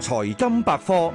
財金百科，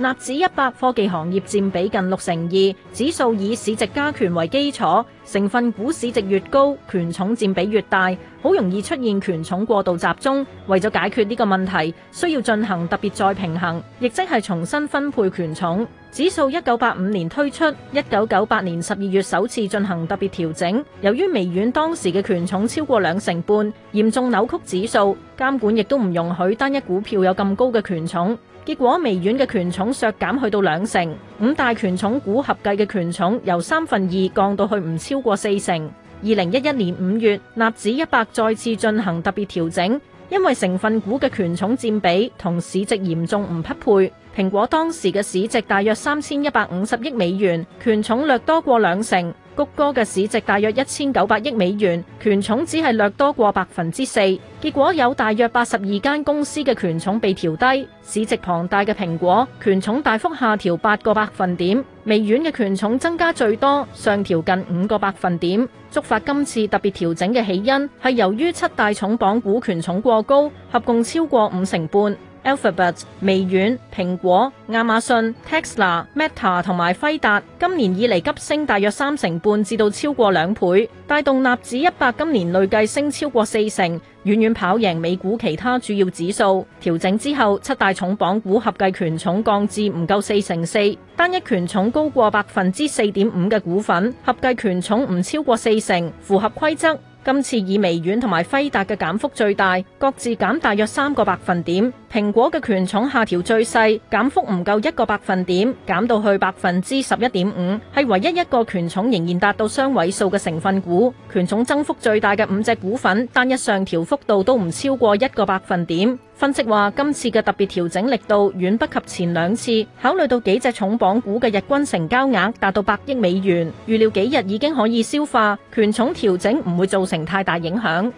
納指一百科技行業占比近六成二，指數以市值加權為基礎，成分股市值越高，權重占比越大，好容易出現權重過度集中。為咗解決呢個問題，需要進行特別再平衡，亦即係重新分配權重。指數一九八五年推出，一九九八年十二月首次進行特別調整。由於微軟當時嘅權重超過兩成半，嚴重扭曲指數，監管亦都唔容許單一股票有咁高嘅權重。結果微軟嘅權重削減去到兩成，五大權重股合計嘅權重由三分二降到去唔超過四成。二零一一年五月，納指一百再次進行特別調整，因為成分股嘅權重占比同市值嚴重唔匹配。蘋果當時嘅市值大約三千一百五十億美元，權重略多過兩成。谷歌嘅市值大約一千九百億美元，權重只係略多過百分之四。結果有大約八十二間公司嘅權重被調低，市值龐大嘅蘋果權重大幅下調八個百分點，微軟嘅權重增加最多，上調近五個百分點。觸發今次特別調整嘅起因係由於七大重磅股權重過高，合共超過五成半。Alphabet、Alphabet，微軟、蘋果、亞馬遜、Tesla、Meta 同埋輝達今年以嚟急升，大約三成半至到超過兩倍，帶動納指一百今年累計升超過四成，遠遠跑贏美股其他主要指數。調整之後，七大重磅股合計權重降至唔夠四成四，單一權重高過百分之四點五嘅股份合計權重唔超過四成，符合規則。今次以微軟同埋輝達嘅減幅最大，各自減大約三個百分點。蘋果嘅權重下調最細，減幅唔夠一個百分點，減到去百分之十一點五，係唯一一個權重仍然達到雙位數嘅成分股。權重增幅最大嘅五隻股份，單一上調幅度都唔超過一個百分點。分析話今次嘅特別調整力度遠不及前兩次，考慮到幾隻重磅股嘅日均成交額達到百億美元，預料幾日已經可以消化，權重調整唔會造成太大影響。